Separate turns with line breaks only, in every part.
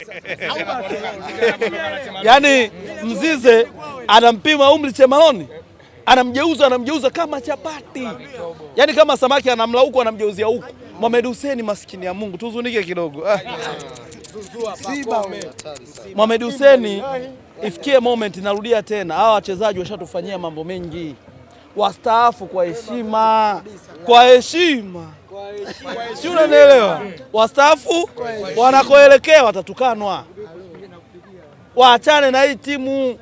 Yaani Mzize anampima umri Chemaloni, anamjeuza anamjeuza kama chapati, yaani kama samaki anamla huku anamjeuzia huku. Mohamed Hussein maskini ya Mungu, tuzunike kidogo. Ah. Mohamed Hussein, ifikie moment, narudia tena, hawa wachezaji washatufanyia mambo mengi, wastaafu kwa heshima, kwa heshima, si unanielewa? wastaafu wanakoelekea watatukanwa. Waachane na hii timu,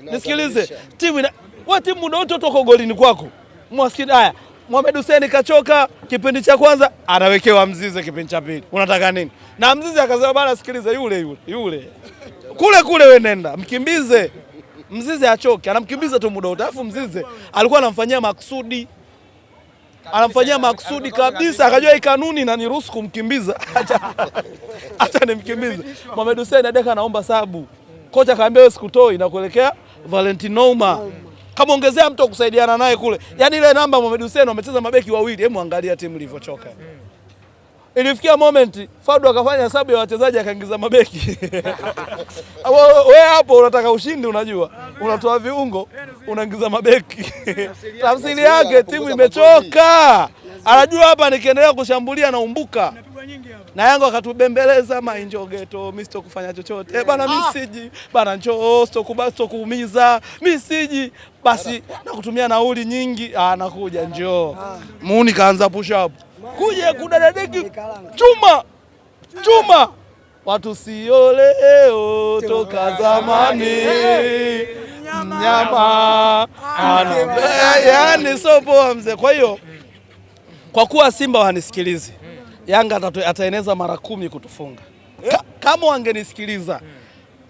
nisikilize timu ina... we timu muda wote toko golini kwako mwasikini. Haya, Mohamed Hussein kachoka kipindi cha kwanza anawekewa Mzize, kipindi cha pili unataka nini? Na Mzize akasema bana, sikiliza, yule yule yule kule kule, we nenda mkimbize Mzize achoke, anamkimbiza tu muda wote, alafu Mzize alikuwa anamfanyia maksudi anamfanyia makusudi kabisa, akajua hii kanuni na niruhusu kumkimbiza, acha nimkimbize. Mohamed Hussein Adeka anaomba sabu, kocha kaambia wewe sikutoi na kuelekea Valentinouma kamwongezea mtu kusaidiana naye kule, yaani ile namba Mohamed Hussein wamecheza mabeki wawili. Hebu angalia timu ilivyochoka. Ilifikia moment Fadu akafanya hesabu ya wachezaji akaingiza mabeki we hapo unataka ushindi, unajua unatoa viungo unaingiza mabeki tafsiri yake timu imechoka, anajua hapa nikiendelea kushambulia naumbuka na Yango akatubembeleza mainjogeto, mi sito kufanya chochote yeah. Bana misiji ah. bana njoo sto kuumiza misiji basi, nakutumia nauli nyingi, ah, nakuja njoo ah. muni kaanza push up kuja kudadadeki chuma chuma, watu sio leo, toka zamani mnyama yani sio poa mzee. Kwa hiyo kwa kuwa Simba wanisikilizi Yanga ataeneza mara kumi kutufunga. Ka, kama wangenisikiliza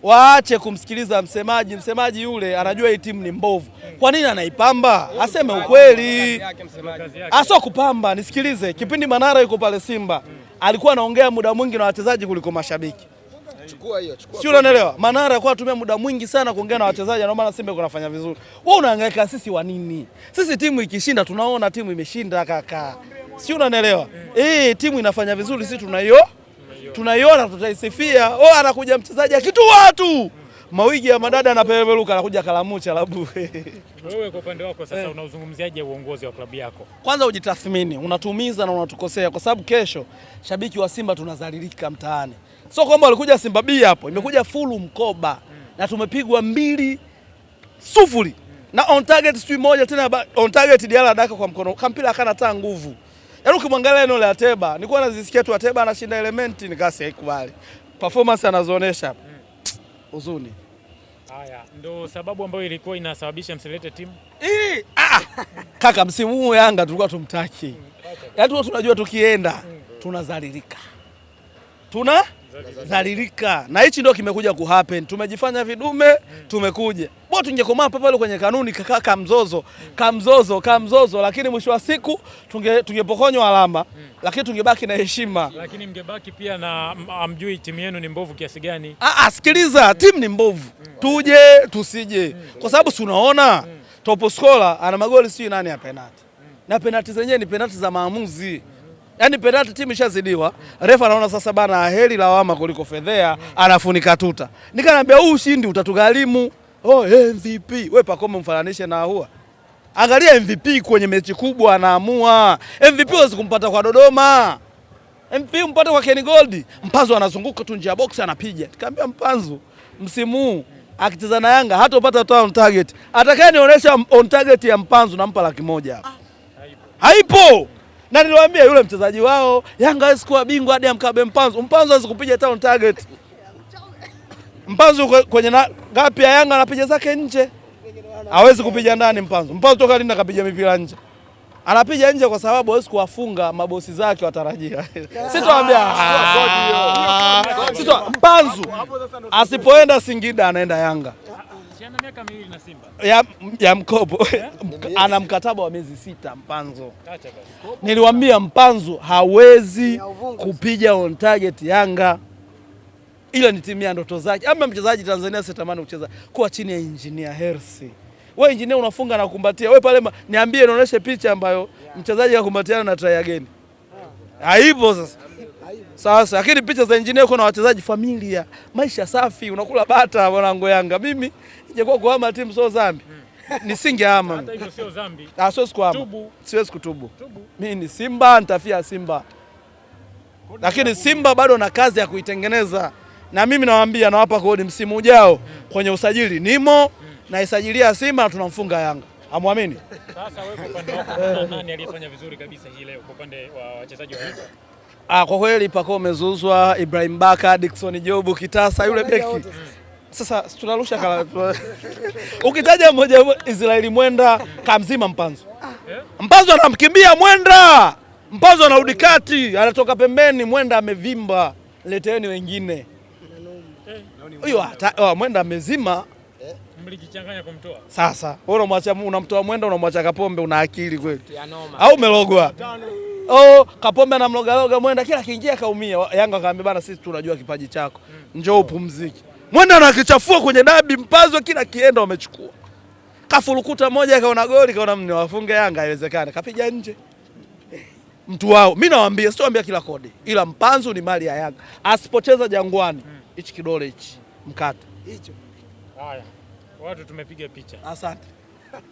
waache kumsikiliza msemaji. Msemaji yule anajua hii timu ni mbovu. Kwa nini anaipamba? Aseme ukweli, aso kupamba. Nisikilize, kipindi Manara yuko pale Simba alikuwa anaongea muda mwingi na wachezaji kuliko mashabiki, sio? Unaelewa, Manara alikuwa anatumia muda mwingi sana kuongea na wachezaji, ndio maana Simba kunafanya vizuri. Wewe unahangaika sisi wa nini? Sisi timu ikishinda tunaona timu imeshinda kaka, sio? Unaelewa, mm. eh, timu inafanya vizuri, sisi tunaiyo tunaiona, tutaisifia. Oh, anakuja mchezaji akitu watu mawigi ya madada anapeperuka, anakuja kalamucha labu.
Wewe kwa upande wako sasa, eh. unauzungumziaje uongozi wa klabu yako?
Kwanza ujitathmini, unatumiza na unatukosea, kwa sababu kesho shabiki wa Simba tunazalilika mtaani. Sio kwamba walikuja Simba B hapo, imekuja fulu mkoba na tumepigwa mbili sufuri na on target sijui moja tena on target, Diala daka kwa mkono kampila akana taa nguvu Yaani ukimwangalia eneo la Ateba, nilikuwa nazisikia tu Teba anashinda elementi nikasi haikubali. Performance anazoonyesha. Uzuni.
Haya, ndo sababu ambayo ilikuwa inasababisha msilete timu.
Ili ah, ah, kaka msimu huu Yanga tulikuwa tumtaki. Mm, yaani tunajua tukienda mm. tunazalilika. Tuna dhalilika, na hichi ndio kimekuja ku happen. Tumejifanya vidume mm. Tumekuja bo tungekomaa pale kwenye kanuni kaka, kamzozo kamzozo kamzozo, lakini mwisho wa siku tunge tungepokonywa alama mm. Lakini tungebaki na heshima,
lakini mngebaki pia na amjui timu yenu ni mbovu kiasi gani.
Ah, ah sikiliza mm. timu ni mbovu mm. tuje tusije mm. kwa sababu si unaona mm. Topo Scola ana magoli sio nani ya penalti mm. na penalti zenyewe ni penalti za maamuzi mm. Yaani penalti timu ishazidiwa. Refa anaona sasa bana heri lawama kuliko fedhea, anafunika tuta. Nikanambia huu ushindi utatugharimu. Oh, eh, MVP. Wewe Pacome mfananishe na Ahoua. Angalia MVP kwenye mechi kubwa anaamua. MVP hawezi kumpata kwa Dodoma. MVP mpata kwa Ken Gold. Mpanzu anazunguka tu nje ya box anapiga. Nikamwambia Mpanzu msimu huu akicheza na Yanga hata upata tu on target. Atakaye nionyesha on target ya Mpanzu nampa laki moja ah. Haipo. Haipo na niliwaambia yule mchezaji wao Yanga hawezi kuwa bingwa hadi amkabe Mpanzu. Mpanzu hawezi kupiga town target. Mpanzu kwenye ngapi ya Yanga anapiga zake nje, hawezi kupiga ndani. Mpanzu Mpanzu toka lini akapiga mipira nje? Anapiga nje kwa sababu hawezi kuwafunga mabosi zake watarajia. Sitawambia ah, ah. Mpanzu asipoenda Singida anaenda Yanga
miaka miwili na Simba.
Ya, ya mkopo yeah? Ana mkataba wa miezi sita Mpanzo. niliwambia Mpanzo hawezi kupiga on target Yanga, ila ni timu ya ndoto zake. Ama mchezaji Tanzania sitamani kucheza kuwa chini ya Engineer Hersi. Wewe Engineer unafunga na kukumbatia. Wewe pale niambie, nionyeshe picha ambayo mchezaji akumbatiana na try again. Haipo sasa. Sasa lakini picha za injinia uko na wachezaji familia, maisha safi, unakula bata mwanangu Yanga. Mimi ingekuwa kuhama timu sio dhambi. Hmm. Nisingehama.
Hata hivyo sio dhambi.
Ah, sio sikuhama. Siwezi kutubu. Mimi ni Simba, nitafia Simba. Lakini Simba bado na kazi ya kuitengeneza. Na mimi nawaambia nawapa kodi msimu ujao hmm. Kwenye usajili nimo hmm. naisajilia Na isajilia Simba na tunamfunga Yanga. Amwamini.
Sasa wewe kwa upande wako eh. nani aliyefanya vizuri kabisa hii leo kwa upande wa wachezaji wa Yanga?
Ah, kwa kweli pako umezuzwa Ibrahim Baka, Dickson Jobu, Kitasa yule beki. Sasa tunarusha kala. Ukitaja mmoja Israeli Mwenda kamzima Mpanzo. Mpanzo anamkimbia Mwenda. Mpanzo anarudi kati, anatoka pembeni, Mwenda amevimba. Leteni wengine. Huyo hata oh, Mwenda amezima.
Mlikichanganya kumtoa.
Sasa, wewe unamwacha unamtoa Mwenda unamwacha Kapombe una akili kweli. Au umelogwa? oh, Kapombe na loga mwenda kila kiingia kaumia. Yanga akaambia bana, sisi tunajua kipaji chako, njoo mm. upumzike. Mwenda na kichafua kwenye dabi mpazo, kila kienda wamechukua. Kafurukuta moja kaona goli, kaona mne wafunge Yanga haiwezekani, kapiga nje mtu wao. Mimi nawaambia sitowaambia kila kodi, ila mpanzu ni mali ya Yanga, asipocheza Jangwani mm. hichi kidole hichi mkata hicho.
Haya, watu tumepiga picha,
asante.